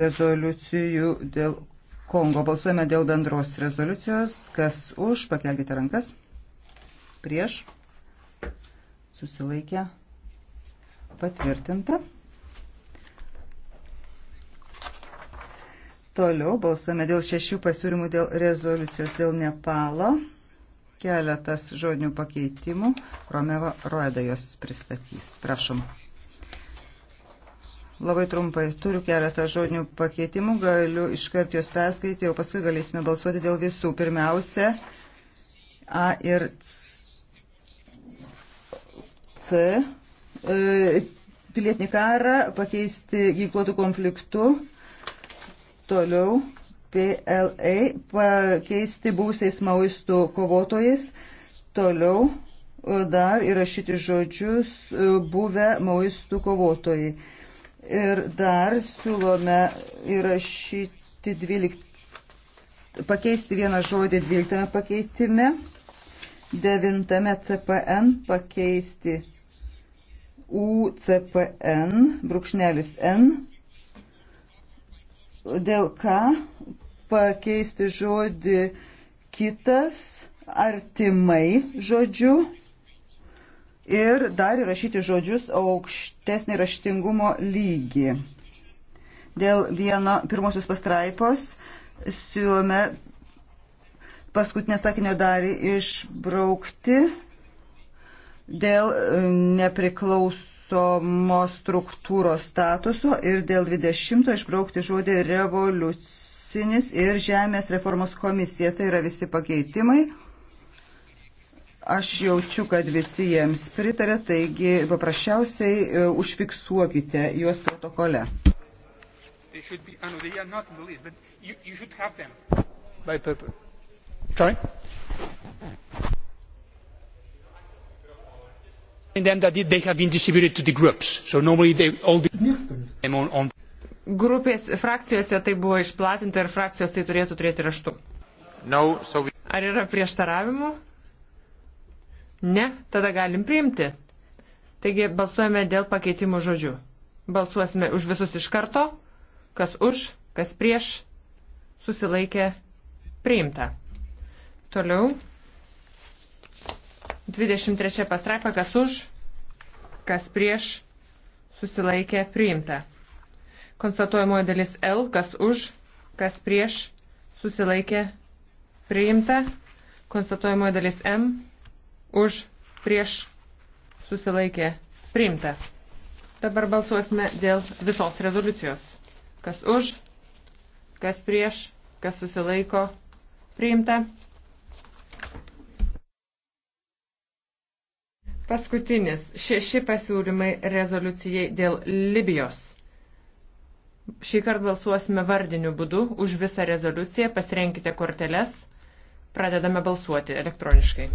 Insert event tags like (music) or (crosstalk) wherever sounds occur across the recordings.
rezoliucijų dėl Kongo. Balsuojame dėl bendros rezoliucijos. Kas už, pakelkite rankas. Prieš. Susilaikė. Patvirtinta. Toliau balsuojame dėl šešių pasiūlymų dėl rezoliucijos dėl Nepalo. Keletas žodinių pakeitimų. Romeva Roeda jos pristatys. Prašom. Labai trumpai, turiu keletą žodinių pakeitimų, galiu iškart juos perskaityti ir paskui galėsime balsuoti dėl visų. Pirmiausia, A ir C. E, pilietinį karą pakeisti ginkluotų konfliktų. Toliau PLA pakeisti būsiais maoistų kovotojais. Toliau e, dar įrašyti žodžius e, buvę maoistų kovotojai. Ir dar siūlome įrašyti 12, pakeisti vieną žodį 12 pakeitime, 9 CPN pakeisti UCPN, brūkšnelis N, dėl ką pakeisti žodį kitas artimai žodžiu ir dar įrašyti žodžius aukštesnį raštingumo lygį. Dėl vieno pirmosios pastraipos siūlome paskutinę sakinio dalį išbraukti dėl e, nepriklausomos struktūros statuso ir dėl 20 išbraukti žodį revoliucinis ir žemės reformos komisija. Tai yra visi pakeitimai. Aš jaučiu, kad visi jiems pritarė, taigi paprasčiausiai e, užfiksuokite juos protokole. Grupės frakcijose tai buvo išplatinta ir frakcijos tai turėtų turėti raštu. No, so we... Ar yra prieštaravimų? Ne, tada galim priimti. Taigi balsuojame dėl pakeitimų žodžių. Balsuosime už visus iš karto, kas už, kas prieš, susilaikė, priimta. Toliau. 23 pastraipa, kas už, kas prieš, susilaikė, priimta. Konstatuojamoji dalis L, kas už, kas prieš, susilaikė, priimta. Konstatuojamoji dalis M, už prieš susilaikė priimta. Dabar balsuosime dėl visos rezoliucijos. Kas už, kas prieš, kas susilaiko priimta. Paskutinis šeši pasiūlymai rezoliucijai dėl Libijos. Šį kartą balsuosime vardiniu būdu už visą rezoliuciją. Pasirenkite korteles. Pradedame balsuoti elektroniškai.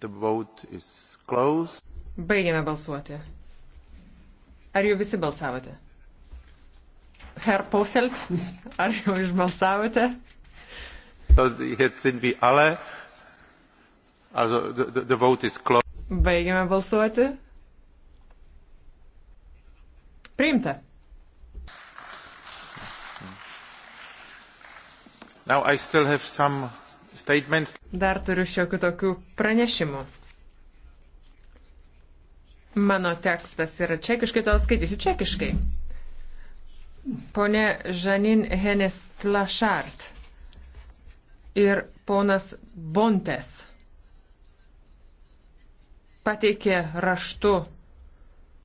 Baigėme balsuoti. Ar jau visi balsavote? Herr Poselt, (laughs) ar jau išbalsavote? Jetzt sind wir alle. Also, the, the vote is closed. Baigiame balsuoti. Priimta. Now I still have some statements. Dar turiu šiokių tokių pranešimų. Mano tekstas yra čekiškai, tol skaitysiu čekiškai. Pone Žanin Henes Plašart ir ponas Bontes pateikė raštu